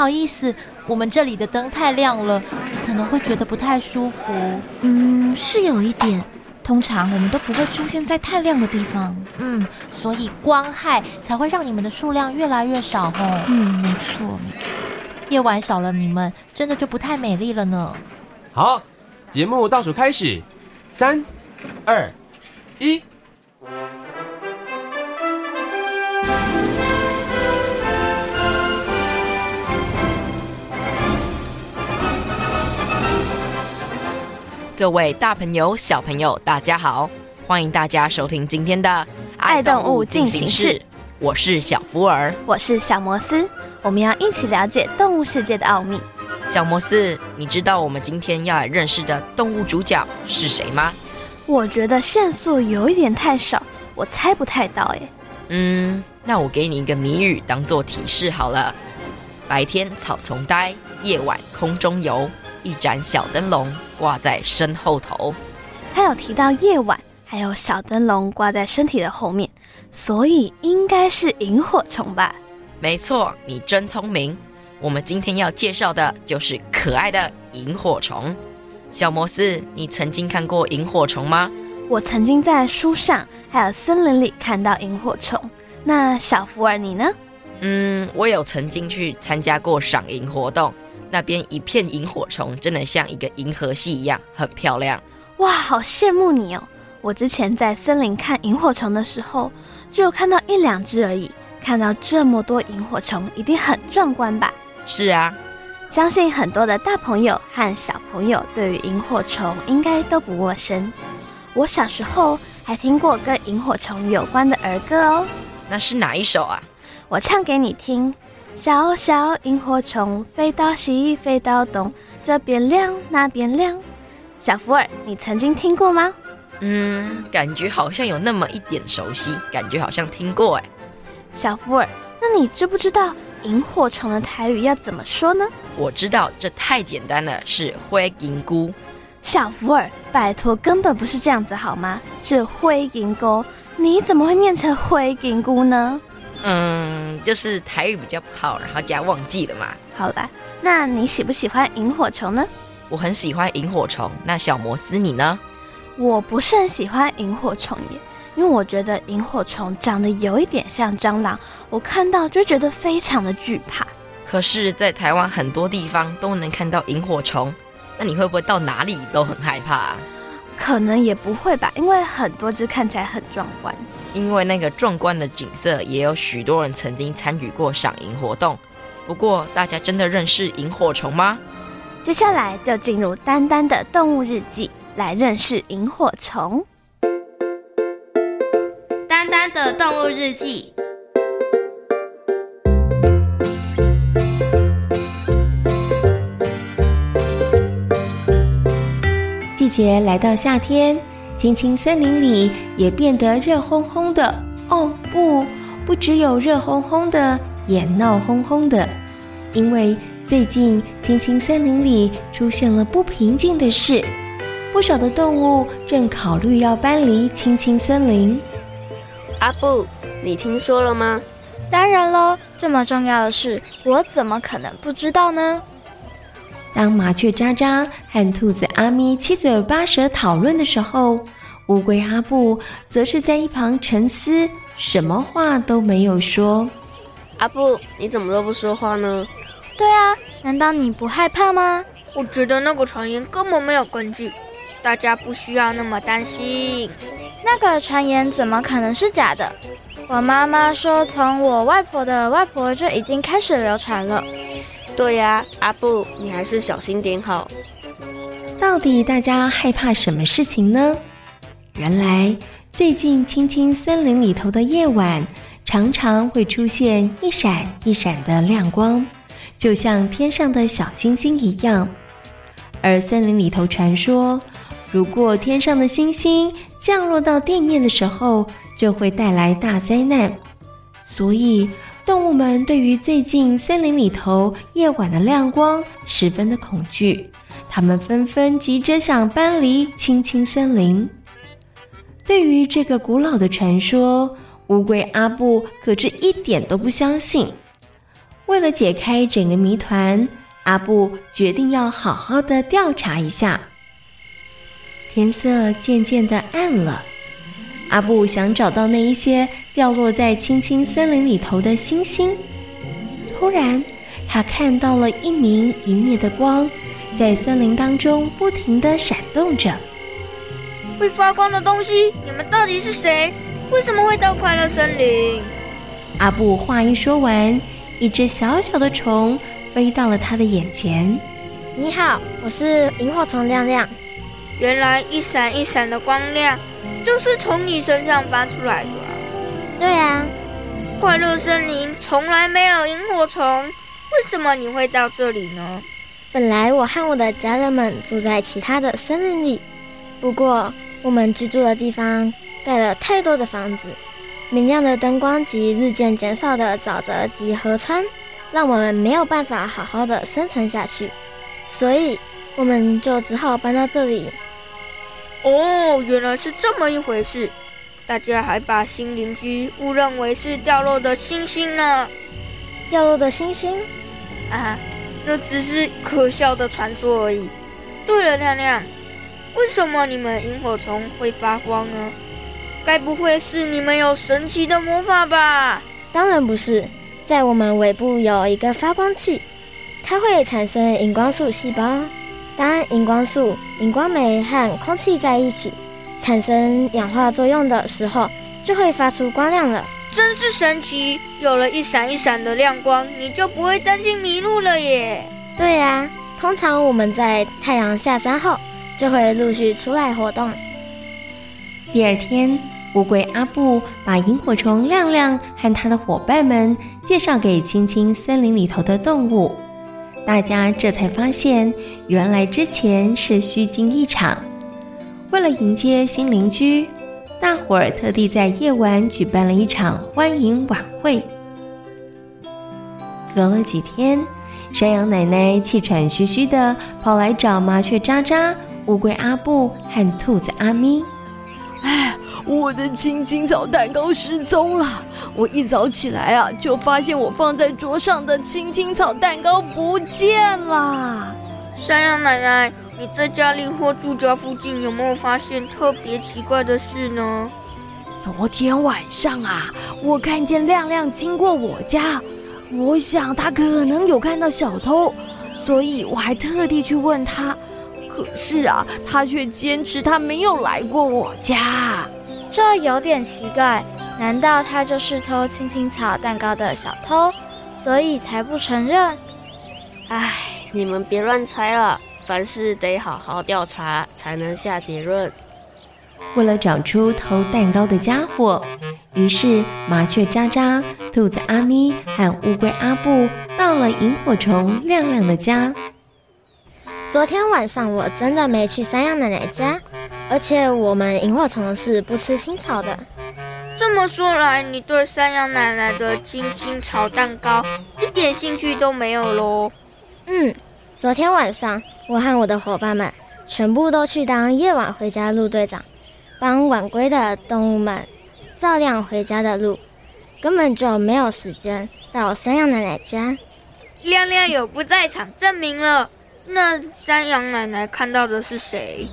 不好意思，我們這裡的燈太亮了，你可能會覺得不太舒服。嗯，是有一點。通常我們都不會出現在太亮的地方。嗯，所以光害才會讓你們的數量越來越少哦。嗯，沒錯沒錯。夜晚少了你們，真的就不太美麗了呢。好，節目倒數開始，三、二、一。各位大朋友、小朋友，大家好！歡迎大家收聽今天的《愛動物進行式》行，我是小福兒，我是小摩斯，我們要一起了解動物世界的奧秘。小摩斯，你知道我們今天要來認識的動物主角是誰嗎？我覺得線索有一點太少，我猜不太到誒。嗯，那我給你一個謎語當做提示好了，白天草叢呆，夜晚空中遊。一盞小燈籠掛在身後頭。他有提到夜晚，還有小燈籠掛在身體的後面，所以應該是螢火蟲吧？沒錯，你真聰明。我們今天要介紹的就是可愛的螢火蟲。小摩斯，你曾經看過螢火蟲嗎？我曾經在書上還有森林裡看到螢火蟲。那小福兒，你呢？嗯，我有曾經去參加過賞螢活動。那邊一片螢火蟲，真的像一個銀河系一樣，很漂亮。哇，好羨慕你哦！我之前在森林看螢火蟲的時候，只有看到一兩隻而已。看到這麼多螢火蟲，一定很壯觀吧？是啊，相信很多的大朋友和小朋友對於螢火蟲應該都不陌生。我小時候還聽過跟螢火蟲有關的兒歌哦。那是哪一首啊？我唱給你聽。小小螢火蟲，飛到西，飛到東，這邊亮，那邊亮。小福兒，你曾經聽過嗎？嗯，感覺好像有那麼一點熟悉，感覺好像聽過哎。小福兒，那你知不知道螢火蟲的台語要怎麼說呢？我知道，這太簡單了，是灰金菇。小福兒，拜託，根本不是這樣子好嗎？是灰金菇，你怎麼會念成灰金菇呢？嗯，就是台語比較不好，然後加忘記了嘛。好啦，那你喜不喜歡螢火蟲呢？我很喜歡螢火蟲。那小摩斯你呢？我不是很喜歡螢火蟲耶，因為我覺得螢火蟲長得有一點像蟑螂，我看到就覺得非常的懼怕。可是，在台灣很多地方都能看到螢火蟲，那你會不會到哪裡都很害怕啊？可能也不會吧，因為很多隻看起來很壯觀。因為那個壯觀的景色，也有許多人曾經參與過賞螢活動。不過，大家真的認識螢火蟲嗎？接下來就進入丹丹的動物日記，來認識螢火蟲。丹丹的動物日記，季節來到夏天。青青森林裡也變得熱烘烘的哦，不，不只有熱烘烘的，也鬧哄哄的。因為最近青青森林裡出現了不平靜的事，不少的動物正考慮要搬離青青森林。阿布，你聽說了嗎？當然嘍，這麼重要的事，我怎麼可能不知道呢？當麻雀喳喳和兔子阿咪七嘴八舌討論的時候，烏龜阿布則是在一旁沉思，什麼話都沒有說。阿布，你怎麼都不說話呢？對啊，難道你不害怕嗎？我覺得那個傳言根本沒有根據，大家不需要那麼擔心。那個傳言怎麼可能是假的？我媽媽說，從我外婆的外婆就已經開始流傳了。對呀、啊，阿布，你還是小心點好。到底大家害怕什麼事情呢？原來，最近青青森林裡頭的夜晚常常會出現一閃一閃的亮光，就像天上的小星星一樣。而森林裡頭傳說，如果天上的星星降落到地面的時候，就會帶來大災難。所以，動物們對於最近森林裡頭夜晚的亮光十分的恐懼，它們紛紛急着想搬離青青森林。對於這個古老的傳說，烏龜阿布可是一點都不相信。為了解開整個謎團，阿布決定要好好的調查一下。天色漸漸的暗了，阿布想找到那一些掉落在青青森林裡頭的星星。突然，他看到了一明一滅的光，在森林當中不停的閃動着。會發光的東西，你們到底是誰？為什麼會到快樂森林？阿布話一說完，一隻小小的蟲飛到了他的眼前。你好，我是螢火蟲亮亮。原來一閃一閃的光亮就是從你身上發出來的。對啊，快樂森林從來沒有螢火蟲，為什麼你會到這裡呢？本來我和我的家人們住在其他的森林裡，不過。我們居住的地方蓋了太多的房子，明亮的燈光及日漸減少的沼澤及河川，讓我們沒有辦法好好的生存下去，所以我們就只好搬到這裡。哦，原來是這麼一回事！大家還把新鄰居誤認為是掉落的星星呢？掉落的星星？啊，那只是可笑的傳說而已。對了，亮亮。為什麼你們螢火蟲會發光呢？該不會是你們有神奇的魔法吧？當然不是，在我們尾部有一個發光器，它會產生熒光素細胞。當熒光素、熒光酶和空氣在一起產生氧化作用的時候，就會發出光亮了。真是神奇！有了一閃一閃的亮光，你就不會擔心迷路了耶。對呀，通常我們在太陽下山後，就會陸續出來活動。第二天，烏龜阿布把螢火蟲亮亮和他的夥伴們介紹給青青森林裡頭的動物，大家這才發現，原來之前是虛驚一場。為了迎接新鄰居，大伙兒特地在夜晚舉辦了一場歡迎晚會。隔了幾天，山羊奶奶氣喘吁吁的跑來找麻雀喳喳。烏龜阿布和兔子阿咪，哎，我的青青草蛋糕失蹤了！我一早起來啊，就發現我放在桌上的青青草蛋糕不見了。山羊奶奶，你在家裡或住家附近有沒有發現特別奇怪的事呢？昨天晚上啊，我看見亮亮經過我家，我想他可能有看到小偷，所以我還特地去問他。可是啊，他卻堅持他沒有來過我家，這有點奇怪。難道他就是偷青青草蛋糕的小偷，所以才不承認？唉，你們別亂猜了，凡事得好好調查才能下結論。為了找出偷蛋糕的家伙，於是麻雀喳喳、兔子阿咪和烏龜阿布到了螢火蟲亮亮的家。昨天晚上我真的沒去山羊奶奶家，而且我們螢火蟲是不吃青草的。這麼說來，你對山羊奶奶的青青草蛋糕一點興趣都沒有嘍？嗯，昨天晚上我和我的夥伴們全部都去當夜晚回家路隊長，幫晚歸的動物們照亮回家的路，根本就沒有時間到山羊奶奶家。亮亮有不在場證明了。那山羊奶奶看到的是誰？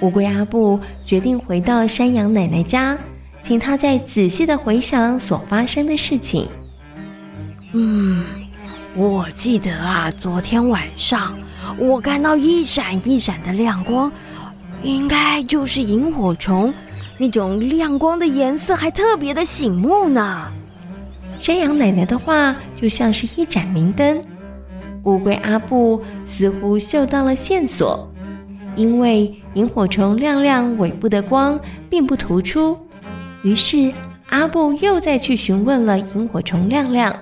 烏龜阿布決定回到山羊奶奶家，請他再仔細的回想所發生的事情。嗯，我記得啊，昨天晚上我看到一閃一閃的亮光，應該就是螢火蟲，那種亮光的顏色還特別的醒目呢。山羊奶奶的話就像是一盞明燈。烏龜阿布似乎嗅到了線索，因為螢火蟲亮亮尾部的光並不突出。於是，阿布又再去詢問了螢火蟲亮亮。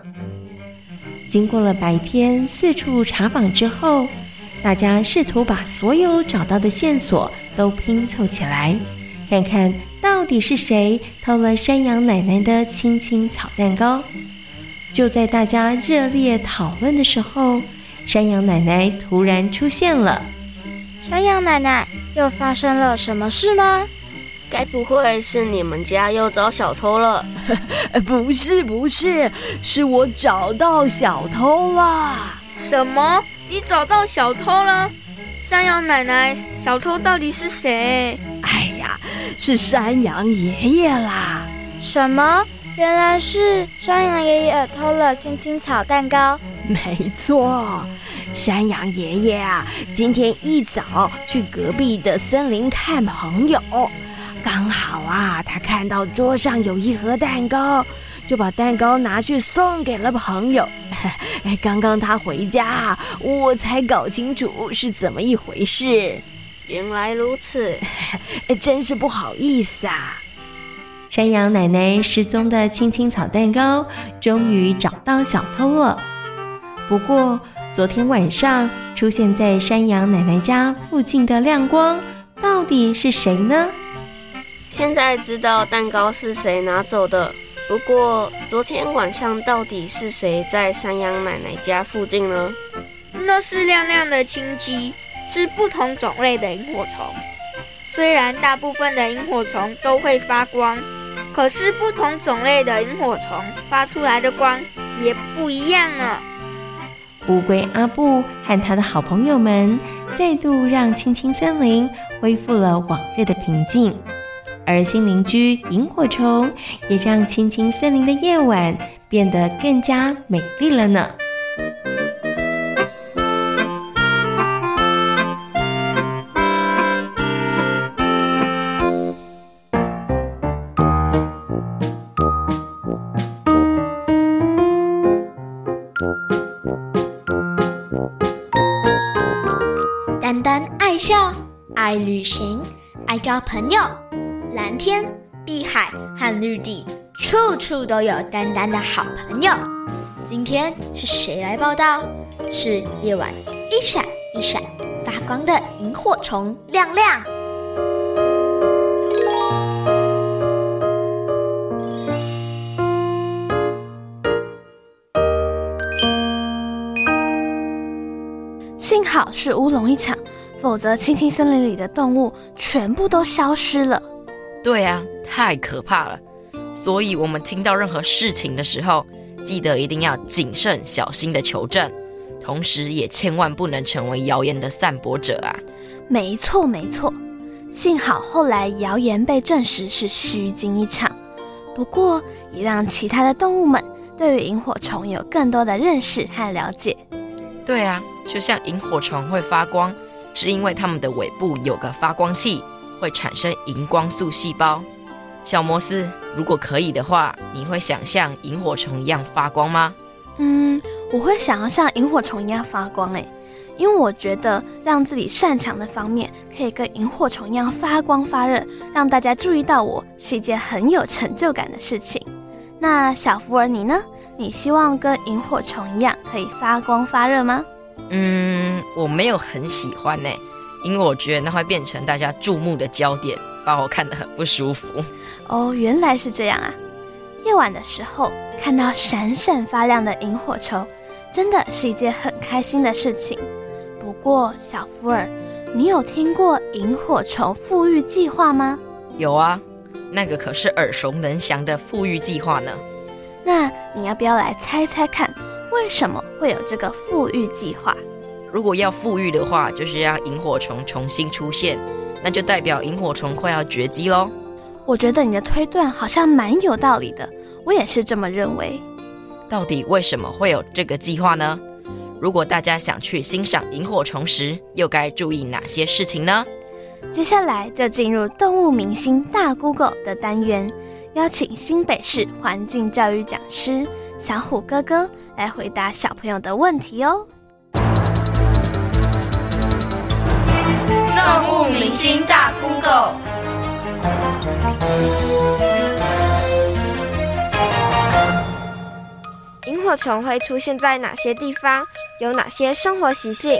經過了白天四處查訪之後，大家試圖把所有找到的線索都拼湊起來，看看到底是誰偷了山羊奶奶的青青草蛋糕。就在大家熱烈討論的時候，山羊奶奶突然出現了。山羊奶奶，又發生了什麼事嗎？該不會是你們家又找小偷了？ 不是不是，是我找到小偷了。什麼？你找到小偷了？山羊奶奶，小偷到底是誰？哎呀，是山羊爺爺啦。什麼？原來是山羊爺爺偷了青青草蛋糕。沒錯，山羊爺爺啊，今天一早去隔壁的森林看朋友，剛好啊，他看到桌上有一盒蛋糕，就把蛋糕拿去送給了朋友。剛剛他回家，我才搞清楚是怎麼一回事。原來如此，真是不好意思啊。山羊奶奶失蹤的青青草蛋糕終於找到小偷了。不過，昨天晚上出現在山羊奶奶家附近的亮光，到底是誰呢？現在知道蛋糕是誰拿走的。不過，昨天晚上到底是誰在山羊奶奶家附近呢？那是亮亮的親戚，是不同種類的螢火蟲。雖然大部分的螢火蟲都會發光。可是，不同種類的螢火蟲發出來的光也不一樣呢。烏龜阿布和他的好朋友們再度讓青青森林恢復了往日的平靜，而新鄰居螢火蟲也讓青青森林的夜晚變得更加美麗了呢。愛旅行，愛交朋友，藍天、碧海和綠地，處處都有丹丹的好朋友。今天是誰來報道？是夜晚一閃一閃發光的螢火蟲亮亮。幸好是烏龍一場。否則，青青森林裡的動物全部都消失了。對啊，太可怕了。所以我們聽到任何事情的時候，記得一定要謹慎小心地求證，同時也千萬不能成為謠言的散播者啊。沒錯，沒錯。幸好後來謠言被證實是虛驚一場，不過也讓其他的動物們對於螢火蟲有更多的認識和了解。對啊，就像螢火蟲會發光。是因為它們的尾部有個發光器，會產生熒光素細胞。小摩斯，如果可以的話，你會想像螢火蟲一樣發光嗎？嗯，我會想要像螢火蟲一樣發光欸。因為我覺得讓自己擅長的方面可以跟螢火蟲一樣發光發熱，讓大家注意到我是一件很有成就感的事情。那小福爾你呢？你希望跟螢火蟲一樣可以發光發熱嗎？嗯，我沒有很喜歡呢，因為我覺得那會變成大家注目的焦點，把我看得很不舒服。哦，原來是這樣啊！夜晚的時候看到閃閃發亮的螢火蟲，真的是一件很開心的事情。不過，小福爾，你有聽過螢火蟲復育計畫嗎？有啊，那個可是耳熟能詳的復育計畫呢。那你要不要來猜猜看？為什麼會有這個復育計畫？如果要復育的話，就是要螢火蟲重新出現，那就代表螢火蟲快要絕跡嘍我覺得你的推斷好像蠻有道理的，我也是這麼認為。到底為什麼會有這個計劃呢？如果大家想去欣賞螢火蟲時，又該注意哪些事情呢？接下來就進入動物明星大 Google 的單元，邀請新北市環境教育講師。小虎哥哥來回答小朋友的問題哦。動物明星大 Google，螢火蟲會出現在哪些地方？有哪些生活習性？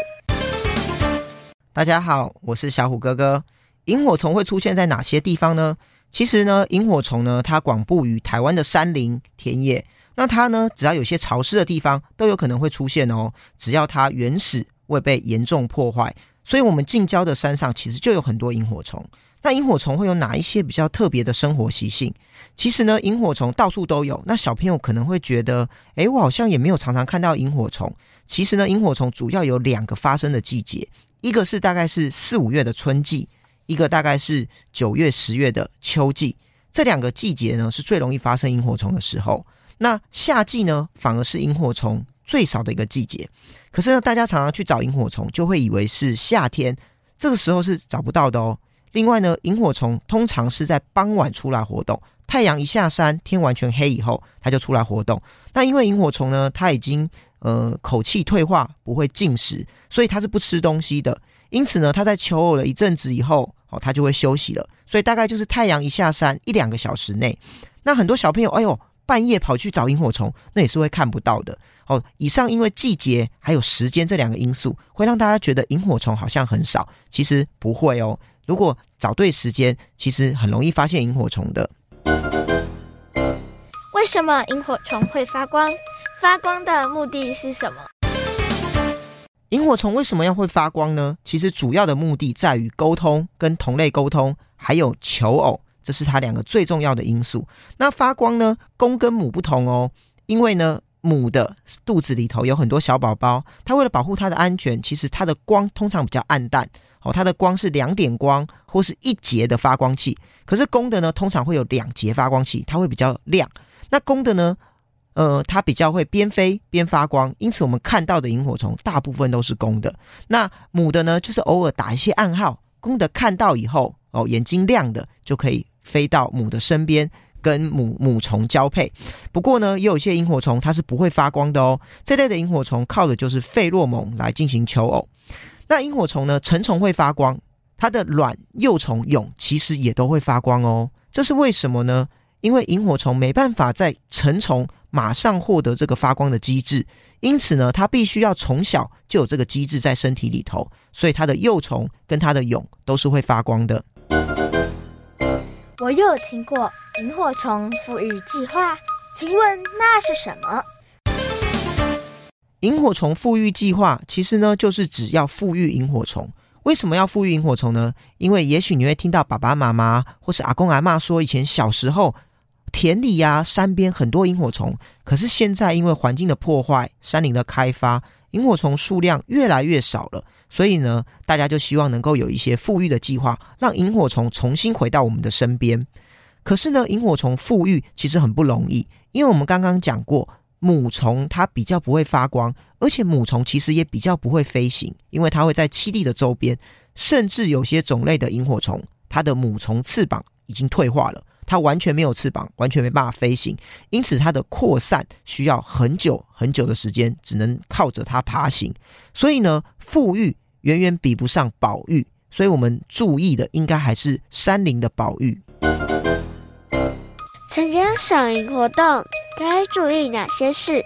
大家好，我是小虎哥哥。螢火蟲會出現在哪些地方呢？其實呢，螢火蟲呢，它廣布於台灣的山林、田野。那它呢，只要有些潮濕的地方，都有可能會出現哦。只要它原始未被嚴重破壞，所以我們近郊的山上其實就有很多螢火蟲。那螢火蟲會有哪一些比較特別的生活習性？其實呢，螢火蟲到處都有。那小朋友可能會覺得，哎，我好像也沒有常常看到螢火蟲。其實呢，螢火蟲主要有兩個發生的季節，一個是大概是四五月的春季，一個大概是九月十月的秋季。這兩個季節呢，是最容易發生螢火蟲的時候。那夏季呢，反而是螢火蟲最少的一個季節。可是呢，大家常常去找螢火蟲，就會以為是夏天，這個時候是找不到的哦。另外呢，螢火蟲通常是在傍晚出來活動，太陽一下山，天完全黑以後，它就出來活動。那因為螢火蟲呢，它已經呃，口器退化，不會進食，所以它是不吃東西的。因此呢，它在求偶了一陣子以後，哦，它就會休息了。所以大概就是太陽一下山，一兩個小時內，那很多小朋友，哎呦。半夜跑去找螢火蟲，那也是會看不到的哦。以上因為季節還有時間這兩個因素，會讓大家覺得螢火蟲好像很少，其實不會哦。如果找對時間，其實很容易發現螢火蟲的。為什麼螢火蟲會發光？發光的目的是什麼？螢火蟲為什麼要會發光呢？其實主要的目的在於溝通，跟同類溝通，還有求偶。這是它兩個最重要的因素。那發光呢？公跟母不同哦，因為呢，母的肚子裡頭有很多小寶寶，它為了保護它的安全，其實它的光通常比較暗淡哦。它的光是兩點光或是一節的發光器。可是公的呢，通常會有兩節發光器，它會比較亮。那公的呢，呃，它比較會邊飛邊發光，因此我們看到的螢火蟲大部分都是公的。那母的呢，就是偶爾打一些暗號，公的看到以後，哦，眼睛亮的就可以。飛到母的身邊，跟母母蟲交配。不過呢，也有一些螢火蟲它是不會發光的哦。這類的螢火蟲靠的就是費洛蒙來進行求偶。那螢火蟲呢，成蟲會發光，它的卵、幼蟲、蛹其實也都會發光哦。這是為什麼呢？因為螢火蟲沒辦法在成蟲馬上獲得這個發光的機制，因此呢，它必須要從小就有這個機制在身體裡頭，所以它的幼蟲跟它的蛹都是會發光的。我又聽過螢火蟲復育計劃，請問那是什麼？螢火蟲復育計劃其實呢，就是指要復育螢火蟲。為什麼要復育螢火蟲呢？因為也許你會聽到爸爸媽媽或是阿公阿嬤說，以前小時候田裡呀、啊、山邊很多螢火蟲，可是現在因為環境的破壞、山林的開發，螢火蟲數量越來越少了。所以呢，大家就希望能夠有一些復育的計劃，讓螢火蟲重新回到我們的身邊。可是呢，螢火蟲復育其實很不容易，因為我們剛剛講過，母蟲它比較不會發光，而且母蟲其實也比較不會飛行，因為它會在棲地的周邊，甚至有些種類的螢火蟲，它的母蟲翅膀已經退化了。它完全沒有翅膀，完全沒辦法飛行，因此它的擴散需要很久很久的時間，只能靠着它爬行。所以呢，復育遠遠比不上保育，所以我們注意的應該還是山林的保育。參加賞螢活動該注意哪些事？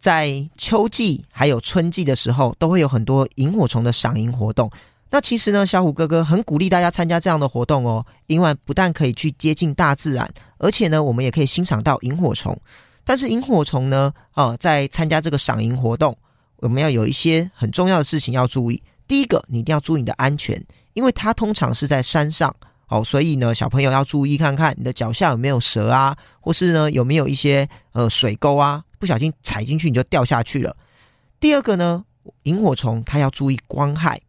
在秋季還有春季的時候，都會有很多螢火蟲的賞螢活動。那其實呢，小虎哥哥很鼓勵大家參加這樣的活動哦，因為不但可以去接近大自然，而且呢，我們也可以欣賞到螢火蟲。但是螢火蟲呢，啊、呃，在參加這個賞螢活動，我們要有一些很重要的事情要注意。第一個，你一定要注意你的安全，因為它通常是在山上哦，所以呢，小朋友要注意看看你的腳下有沒有蛇啊，或是呢，有沒有一些呃水溝啊，不小心踩進去你就掉下去了。第二個呢，螢火蟲它要注意光害。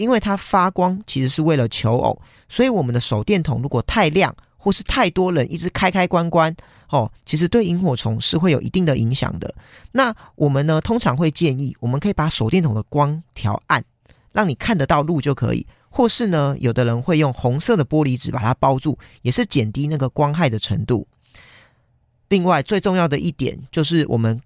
因為它發光其實是為了求偶，所以我們的手電筒如果太亮，或是太多人一直開開關關，哦，其實對螢火蟲是會有一定的影響的。那我們呢，通常會建議我們可以把手電筒的光調暗，讓你看得到路就可以；或是呢，有的人會用紅色的玻璃紙把它包住，也是減低那個光害的程度。另外，最重要的一點就是我們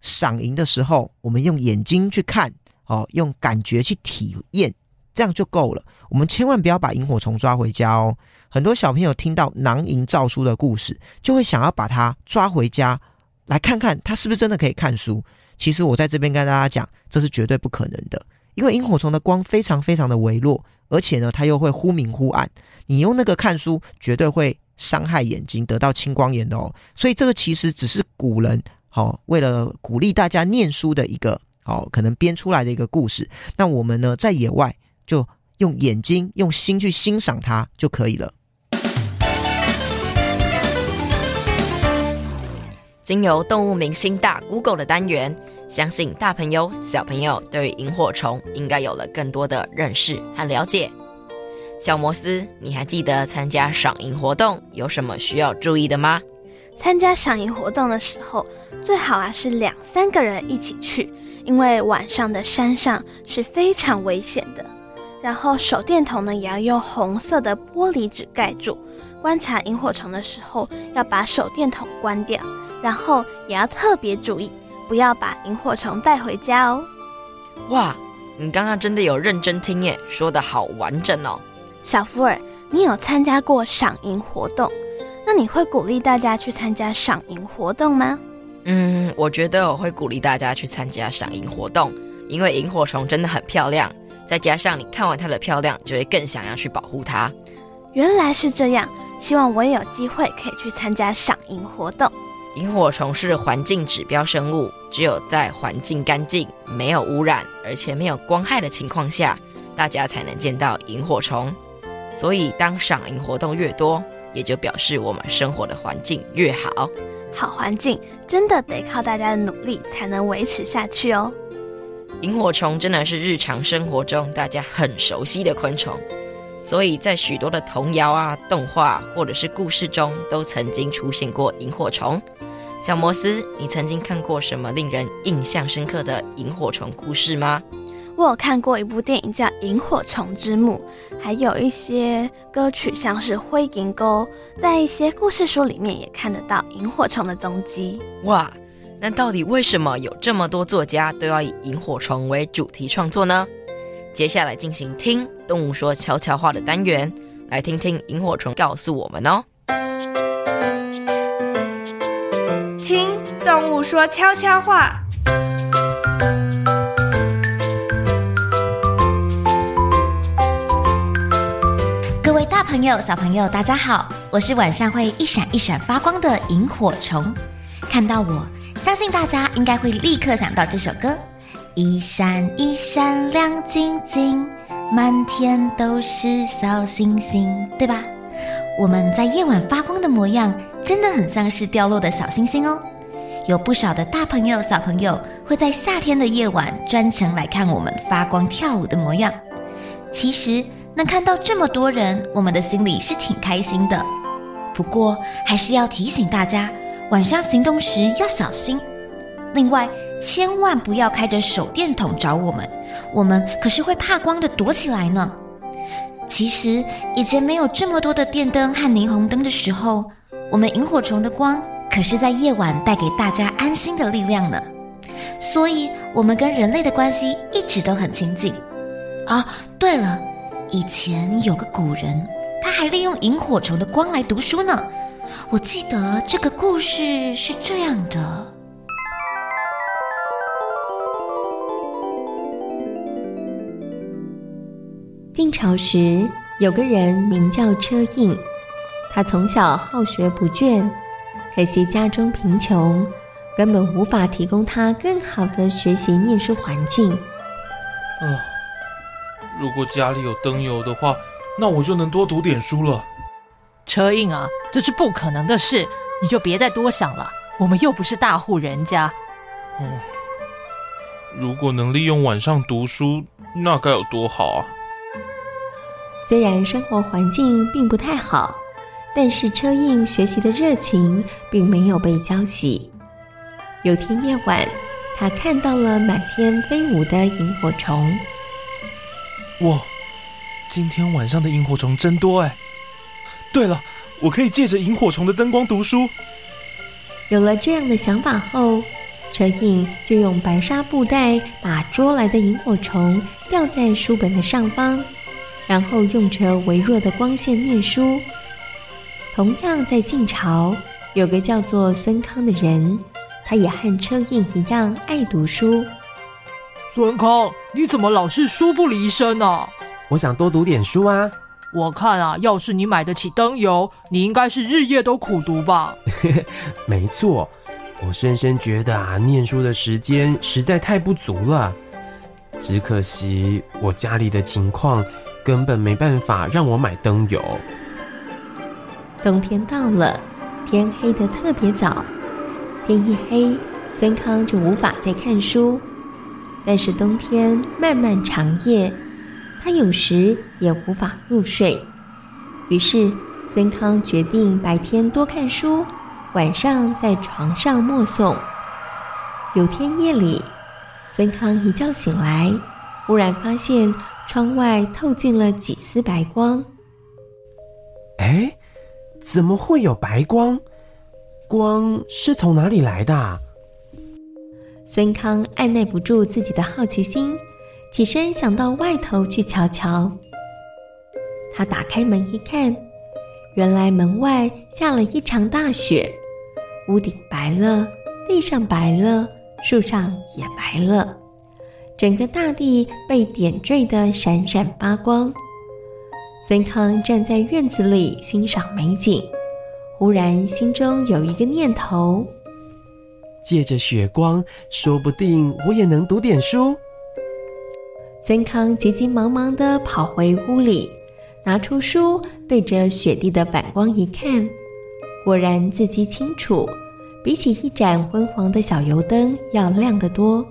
賞螢的時候，我們用眼睛去看，哦，用感覺去體驗。這樣就夠了。我們千萬不要把螢火蟲抓回家哦。很多小朋友聽到囊螢照書的故事，就會想要把它抓回家來看看，它是不是真的可以看書。其實我在這邊跟大家講，這是絕對不可能的，因為螢火蟲的光非常非常的微弱，而且呢，它又會忽明忽暗。你用那個看書，絕對會傷害眼睛，得到青光眼的哦。所以這個其實只是古人好、哦、為了鼓勵大家念書的一個好、哦、可能編出來的一個故事。那我們呢，在野外。就用眼睛、用心去欣賞它就可以了。經由動物明星大 Google 的單元，相信大朋友、小朋友對於螢火蟲應該有了更多的認識和了解。小摩斯，你還記得參加賞螢活動有什麼需要注意的嗎？參加賞螢活動的時候，最好啊是兩三個人一起去，因為晚上的山上是非常危險的。然後手電筒呢也要用紅色的玻璃紙蓋住，觀察螢火蟲的時候要把手電筒關掉，然後也要特別注意，不要把螢火蟲帶回家哦。哇，你剛剛真的有認真聽耶，說得好完整哦。小福爾，你有參加過賞螢活動？那你會鼓勵大家去參加賞螢活動嗎？嗯，我覺得我會鼓勵大家去參加賞螢活動，因為螢火蟲真的很漂亮。再加上你看完它的漂亮，就會更想要去保護它。原來是這樣，希望我也有機會可以去參加賞螢活動。螢火蟲是環境指標生物，只有在環境乾淨、沒有污染，而且沒有光害的情況下，大家才能見到螢火蟲。所以，當賞螢活動越多，也就表示我們生活的環境越好。好環境真的得靠大家的努力才能維持下去哦。螢火蟲真的是日常生活中大家很熟悉的昆蟲，所以在許多的童謠啊、動畫或者是故事中都曾經出現過螢火蟲。小摩斯，你曾經看過什麼令人印象深刻的螢火蟲故事嗎？我有看過一部電影叫《螢火蟲之墓》，還有一些歌曲，像是《灰銀溝》，在一些故事書裡面也看得到螢火蟲的蹤跡。哇！那到底為什麼有這麼多作家都要以螢火蟲為主題創作呢？接下來進行聽動物說悄悄話的單元，來聽聽螢火蟲告訴我們哦。聽動物說悄悄話。悄悄話，各位大朋友、小朋友，大家好，我是晚上會一閃一閃發光的螢火蟲，看到我，相信大家應該會立刻想到這首歌，《一閃一閃亮晶晶，滿天都是小星星》，對吧？我們在夜晚發光的模樣，真的很像是掉落的小星星哦。有不少的大朋友、小朋友會在夏天的夜晚專程來看我們發光跳舞的模樣。其實能看到這麼多人，我們的心裡是挺開心的。不過，還是要提醒大家。晚上行動時要小心，另外千萬不要開着手電筒找我們，我們可是會怕光的，躲起來呢。其實以前沒有這麼多的電燈和霓虹燈的時候，我們螢火蟲的光可是在夜晚帶給大家安心的力量呢。所以我們跟人類的關係一直都很親近。哦，對了，以前有個古人，他還利用螢火蟲的光來讀書呢。我記得這個故事是這樣的：晉朝時有個人名叫車胤，他從小好學不倦，可惜家中貧窮，根本無法提供他更好的學習念書環境。呃，如果家裡有燈油的話，那我就能多讀點書了。車胤啊，這是不可能的事，你就別再多想了。我們又不是大戶人家。嗯，哦，如果能利用晚上讀書，那該有多好啊！嗯，雖然生活環境並不太好，但是車胤學習的熱情並沒有被澆熄。有天夜晚，他看到了滿天飛舞的螢火蟲。哇，今天晚上的螢火蟲真多哎！對了，我可以借着螢火蟲的燈光讀書。有了這樣的想法後，車胤就用白紗布袋把捉來的螢火蟲吊在書本的上方，然後用着微弱的光線念書。同樣在晉朝，有個叫做孫康的人，他也和車胤一樣愛讀書。孫康，你怎麼老是書不離身呢、啊？我想多讀點書啊。我看啊，要是你買得起燈油，你應該是日夜都苦讀吧？ 沒錯，我深深覺得啊，念書的時間實在太不足了。只可惜我家裡的情況，根本沒辦法讓我買燈油。冬天到了，天黑得特別早。天一黑，孫康就無法再看書。但是冬天漫漫長夜。他有時也無法入睡，於是孫康決定白天多看書，晚上在床上默誦。有天夜裡，孫康一覺醒來，忽然發現窗外透進了幾絲白光。哎，怎麼會有白光？光是從哪裡來的啊？孫康按捺不住自己的好奇心。起身想到外頭去瞧瞧。他打開門一看，原來門外下了一場大雪，屋頂白了，地上白了，樹上也白了，整個大地被點綴得閃閃發光。孫康站在院子裡欣賞美景，忽然心中有一個念頭：借着雪光，說不定我也能讀點書。孫康急急忙忙地跑回屋裡，拿出書，對着雪地的反光一看，果然字跡清楚，比起一盞昏黃的小油燈要亮得多。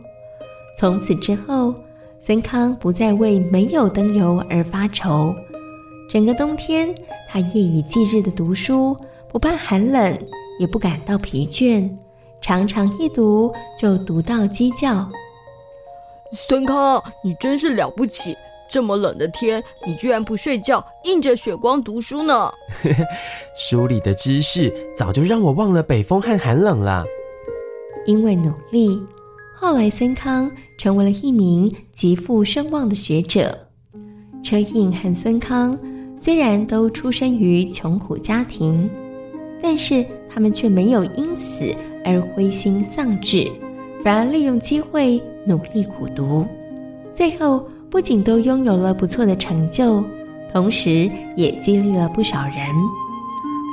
從此之後，孫康不再為沒有燈油而發愁。整個冬天，他夜以繼日地讀書，不怕寒冷，也不感到疲倦，常常一讀就讀到雞叫。孫康，你真是了不起！這麼冷的天，你居然不睡覺，映著雪光讀書呢。 書裡的知識早就讓我忘了北風和寒冷了。因為努力，後來孫康成為了一名極富聲望的學者。車胤和孫康雖然都出身於窮苦家庭，但是他們卻沒有因此而灰心喪志，反而利用機會。努力苦讀，最後不僅都擁有了不錯的成就，同時也激勵了不少人。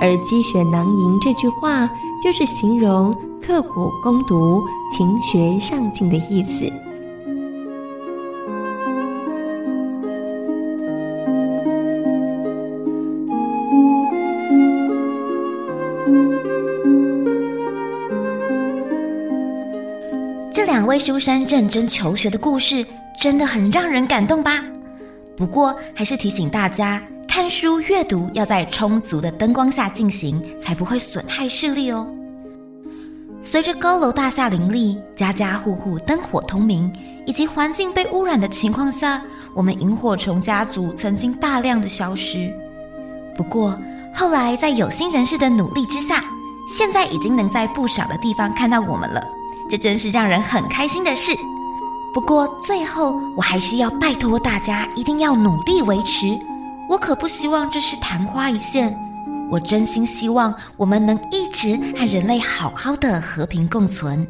而“積雪囊螢”這句話，就是形容刻苦攻讀、勤學上進的意思。魏書山認真求學的故事真的很讓人感動吧？不過還是提醒大家，看書閱讀要在充足的燈光下進行，才不會損害視力哦。隨着高樓大廈林立，家家戶戶燈火通明，以及環境被汙染的情況下，我們螢火蟲家族曾經大量的消失。不過後來在有心人士的努力之下，現在已經能在不少的地方看到我們了。這真是讓人很開心的事。不過最後，我還是要拜託大家，一定要努力維持。我可不希望這是曇花一現。我真心希望我們能一直和人類好好的和平共存。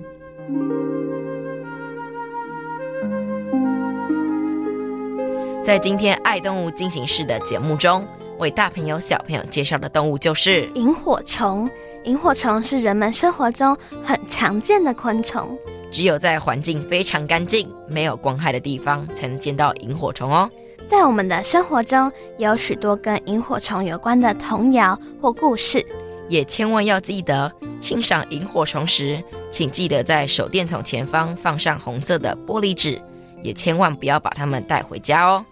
在今天《愛動物進行式》的節目中，為大朋友、小朋友介紹的動物就是螢火蟲。螢火蟲是人們生活中很常見的昆蟲，只有在環境非常乾淨、沒有光害的地方才能見到螢火蟲哦。在我們的生活中，也有許多跟螢火蟲有關的童謠或故事，也千萬要記得欣賞螢火蟲時，請記得在手電筒前方放上紅色的玻璃紙，也千萬不要把它們帶回家哦。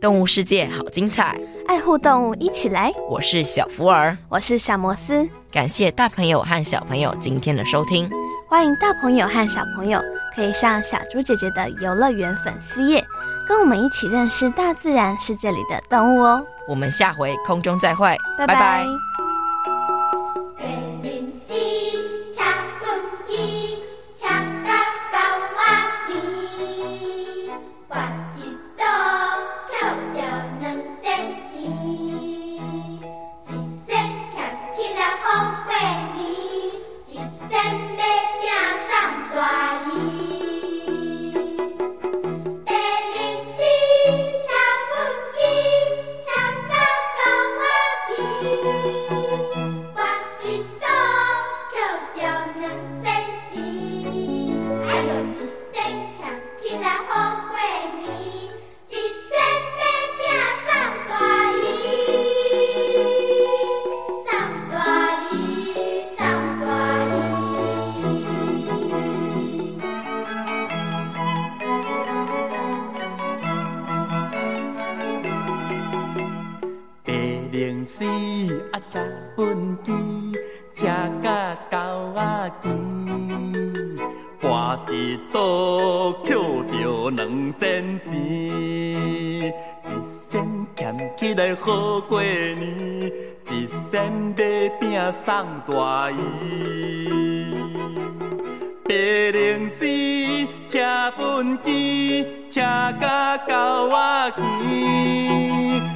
動物世界好精彩，愛護動物一起來。我是小福爾，我是小摩斯。感謝大朋友和小朋友今天的收聽，歡迎大朋友和小朋友可以上小茱姐姐的遊樂園粉絲頁，跟我們一起認識大自然世界裡的動物哦。我們下回空中再會，拜拜。拜拜。白翎鷥，阿車、啊、畚箕，車到、啊、溪仔墘，跋一倒，撿着兩仙錢，一仙撿起來好過年，一仙買餅送大姨。白翎鷥，車畚箕，車到溪仔墘。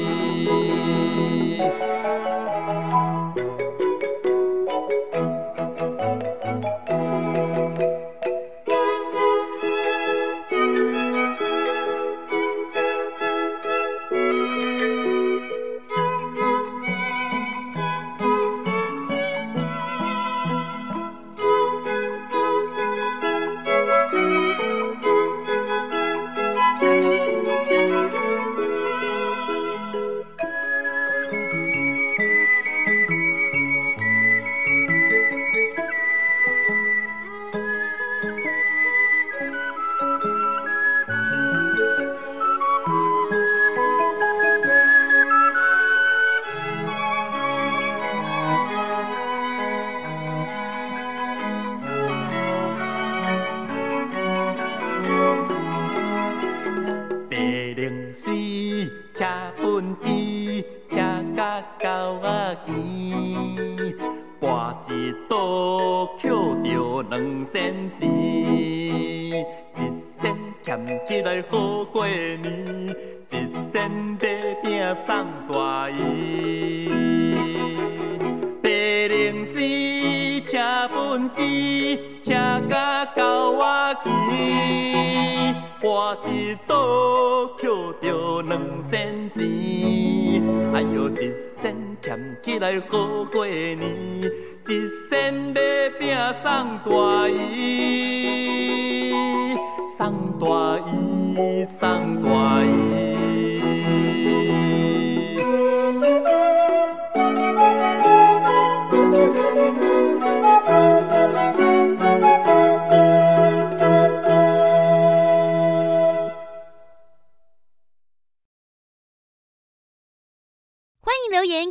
請畚箕，請到狗瓦墘，畫一道撿着兩仙錢。哎喲，一仙儉起來好過年，一仙買餅送大姨，送大姨，送大姨。